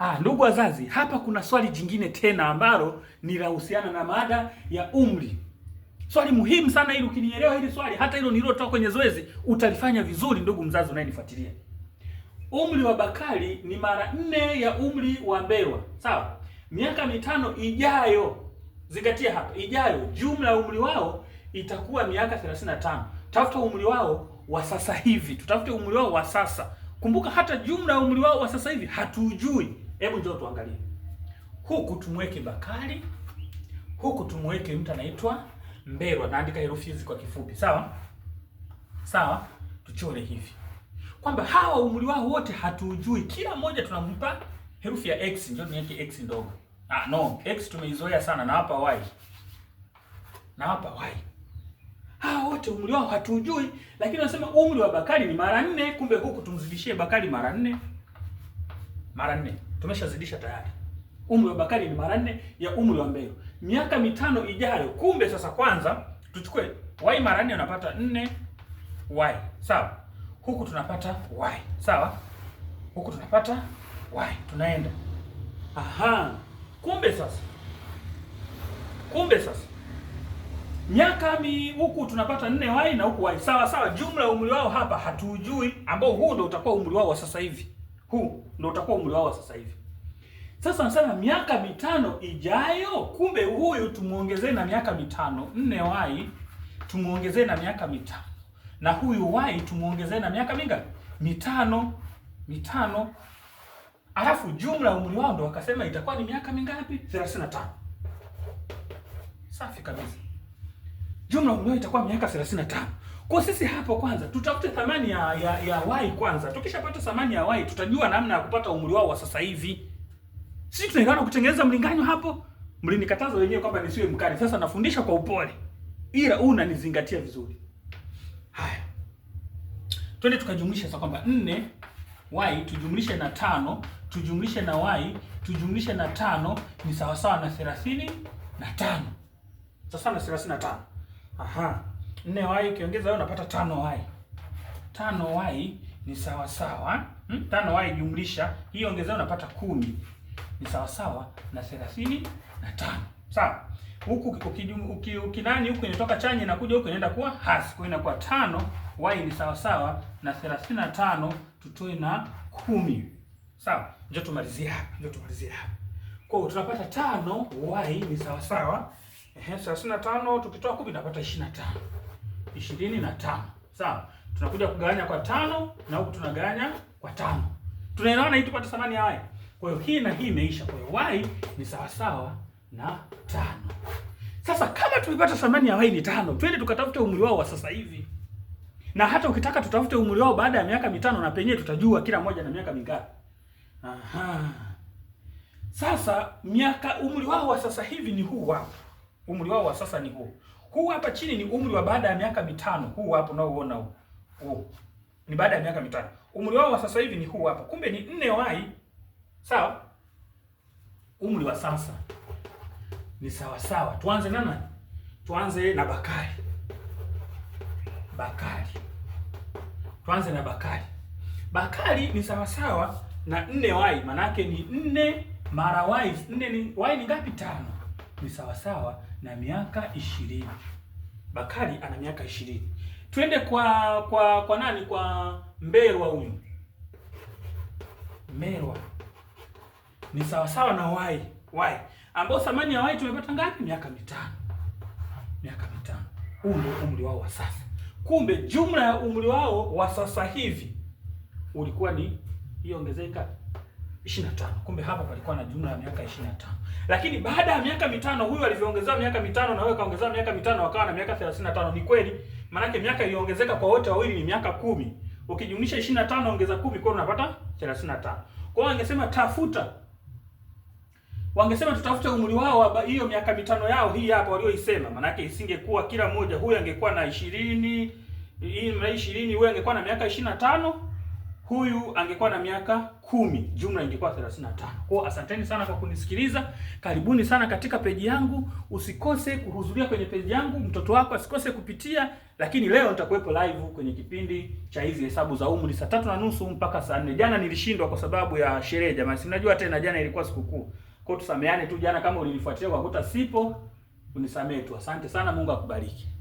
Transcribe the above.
Ah, ndugu wazazi, hapa kuna swali jingine tena ambalo ni la uhusiana na mada ya umri. Swali muhimu sana ili ukinielewa hili swali, hata hilo nililotoa kwenye zoezi utalifanya vizuri, ndugu mzazi unayenifuatilia. Umri wa Bakari ni mara nne ya umri wa Mbewa, sawa? Miaka mitano ijayo, zingatia hapa, ijayo, jumla ya umri wao itakuwa miaka 35. Tafuta umri wao wa sasa hivi, tutafute umri wao wa sasa. Kumbuka hata jumla ya umri wao wa sasa hivi hatujui. Hebu njoo tuangalie. Huku tumweke Bakari, huku tumweke mtu anaitwa Mberwa. Naandika herufi hizi kwa kifupi, sawa sawa. Tuchore hivi kwamba hawa umri wao wote hatujui, kila mmoja tunampa herufi ya x. Njoo niweke x ndogo. Ah, no x tumeizoea sana, na hapa y na hapa y. Hawa wote umri wao hatujui, lakini wanasema umri wa Bakari ni mara nne. Kumbe huku tumzidishie Bakari mara nne, mara nne tumeshazidisha tayari. Umri wa Bakari ni mara nne ya umri wa mbeo miaka mitano ijayo. Kumbe sasa, kwanza tuchukue y mara nne, unapata nne y sawa, huku tunapata y sawa, huku tunapata y, tunaenda aha. Kumbe sasa, kumbe sasa miaka mi huku tunapata nne y na huku y sawa sawa. Jumla ya umri wao hapa hatujui, ambao huu ndio utakuwa umri wao wa sasa hivi huu ndio utakuwa umri wao sasa hivi. Sasa nasema miaka mitano ijayo, kumbe huyu tumuongezee na miaka mitano, nne wai tumuongezee na miaka mitano, na huyu wai tumuongezee na miaka mingapi? Mitano, mitano. Alafu jumla umri wao ndo wakasema itakuwa ni miaka mingapi? 35. Safi kabisa, jumla umri wao itakuwa miaka 35. Kwa sisi hapo kwanza tutafute thamani ya, ya, ya wai kwanza. Tukishapata thamani ya wai tutajua namna ya kupata umri wao wa sasa hivi. Sisi tunaingana kutengeneza mlinganyo hapo. Mlinikataza wenyewe kwamba nisiwe mkali. Sasa nafundisha kwa upole. Ila unanizingatia vizuri. Haya. Twende tukajumlisha sasa kwamba 4 y tujumlishe na tano tujumlishe na y tujumlishe na tano ni sawasawa na thelathini na tano. Sasa na 35. Aha nne y ukiongeza unapata tano y. Tano y ni sawa sawa hmm? Tano y jumlisha hii ongezea unapata kumi ni sawa sawa na thelathini na tano sawa. Huku ukinani huku inatoka chanya inakuja huku inaenda kuwa hasi, kwa inakuwa tano y ni sawa sawa na thelathini na tano tutoe na kumi sawa. Njoo tumalizie hapa, njoo tumalizie hapa. Kwa hiyo tunapata tano y ni sawa sawa, ehe, thelathini na tano tukitoa kumi tunapata ishirini na tano ishirini na tano. Sawa, tunakuja kugawanya kwa tano na huku tunagawanya kwa tano. Tunaelewana hii tupate thamani ya y. Kwa hiyo hii na hii imeisha, kwa hiyo y ni sawasawa na tano. Sasa kama tumepata thamani ya y ni tano, twende tukatafute umri wao wa sasa hivi, na hata ukitaka tutafute umri wao baada ya miaka mitano, na penyewe tutajua kila moja na miaka mingapi. Aha. Sasa miaka umri wao wa sasa hivi ni huu hapa, umri wao wa sasa ni huu. Huu hapa chini ni umri wa baada ya miaka mitano. Huu hapa unaoona huu. Huu. Ni baada ya miaka mitano. Umri wao wa sasa hivi ni huu hapa. Kumbe ni nne wai. Sawa? Umri wa sasa ni sawa sawa. Tuanze na nani? Tuanze na Bakari. Bakari. Tuanze na Bakari. Bakari ni sawa sawa na nne wai, manake ni nne mara wai. Nne ni wai ni ngapi? Tano. Ni sawa sawa na miaka ishirini. Bakari ana miaka ishirini. Twende kwa kwa kwa nani? Kwa Mberwa. Huyu Mberwa ni sawasawa na Wai Wai ambao thamani ya Wai tumepata ngapi? Miaka mitano, miaka mitano. Huu ndio umri wao wa sasa. Kumbe jumla ya umri wao wa sasa hivi ulikuwa ni hiyo ongezeka 25. Kumbe hapa palikuwa na jumla ya miaka 25. Lakini baada ya miaka mitano huyu alivyoongezewa miaka mitano na wewe kaongezewa miaka mitano wakawa na miaka 35. Ni kweli? Maanake miaka iliongezeka kwa wote wawili ni miaka kumi. Ukijumlisha 25 ongeza 10 kwa unapata 35. Kwa hiyo angesema tafuta. Wangesema tutafute umri wao hiyo miaka mitano yao hii hapa walioisema. Maanake isingekuwa kila mmoja huyu angekuwa na 20, hii na 20, huyu angekuwa na miaka 25 huyu angekuwa na miaka kumi, jumla ingekuwa 35. Kwa asanteni sana kwa kunisikiliza, karibuni sana katika peji yangu. Usikose kuhudhuria kwenye peji yangu, mtoto wako asikose kupitia. Lakini leo nitakuwepo live kwenye kipindi cha hizi hesabu za umri saa tatu na nusu mpaka saa nne. Jana nilishindwa kwa sababu ya sherehe, jamani, si mnajua tena, jana ilikuwa sikukuu. Kwa tusameane tu, jana kama ulinifuatilia kwa kuta sipo, unisamee tu. Asante sana, Mungu akubariki.